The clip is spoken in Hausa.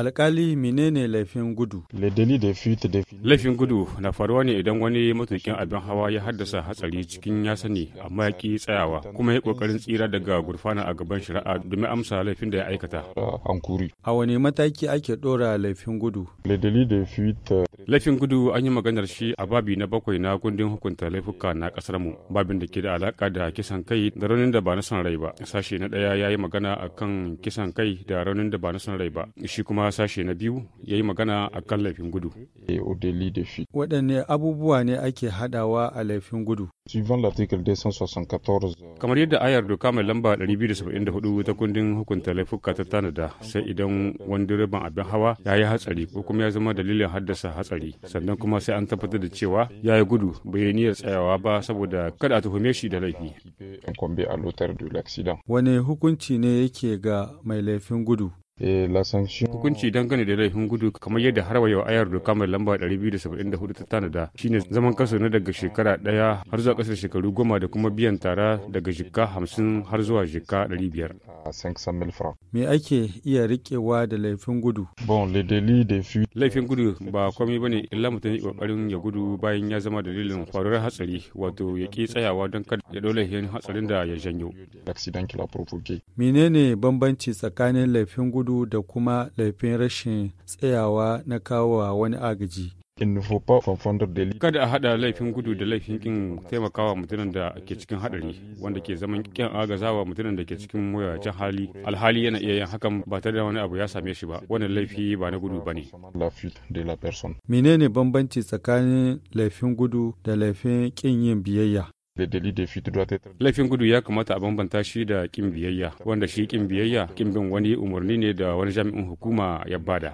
Alkali menene laifin gudu? Laifin gudu na faruwa ne idan wani matukin abin hawa ya haddasa hatsari cikin ya sani amma ya ki tsayawa kuma ya kokarin tsira daga gurfana a gaban shari'a domin amsa laifin da ya aikata. A wani mataki ake dora laifin gudu? Laifin gudu an yi maganar shi a babi na bakwai na kundin hukunta laifuka na kasar mu babin da ke da alaka da kisan kai da raunin da ba na son rai ba. Sashe na ɗaya ya yi magana a kan kisan kai da raunin da ba na son rai ba. Shi kuma sashe na biyu ya yi magana a kan laifin gudu. Waɗanne abubuwa ne ake haɗawa a laifin gudu? Euh, Kamar yadda ayar doka mai lamba 274 ta kundin hukunta laifuka ta tanada sai idan wani direban abin hawa ya yi hatsari ko kuma ya zama dalilin haddasa hatsari sannan kuma sai an tabbatar da cewa ya yi gudu bai yi niyyar tsayawa ba saboda kada a tuhume shi da laifi. Wani hukunci ne yake ga mai laifin gudu? Eh, Hukunci dangane da laifin gudu kamar yadda har yau ayar doka mai lamba 274 ta tanada shine zaman kaso na daga shekara daya har zuwa kasar shekaru goma da kuma biyan tara daga jikka 50 har zuwa jikka 500. Ah, Me ake iya rikewa da laifin gudu? Laifin gudu ba komai bane illa mutum ya kokarin ya gudu bayan ya zama dalilin faruwar hatsari wato ya ki tsayawa don kada ya dole hatsarin da ya janyo. Menene bambanci tsakanin laifin gudu gudu da kuma laifin rashin tsayawa na kawo wani agaji. Kada a haɗa laifin gudu da laifin kin taimakawa mutumin da ke cikin haɗari wanda ke zaman kin agazawa mutumin da ke cikin mawuyacin hali alhali yana iya yin hakan ba tare da wani abu ya same shi ba wannan laifi ba na gudu ba ne. Menene bambanci tsakanin laifin gudu da laifin kin yin biyayya? Laifin gudu ya kamata a bambanta shi da kin biyayya, wanda shi kin biyayya kin bin wani umarni ne da wani jami'in hukuma ya bada.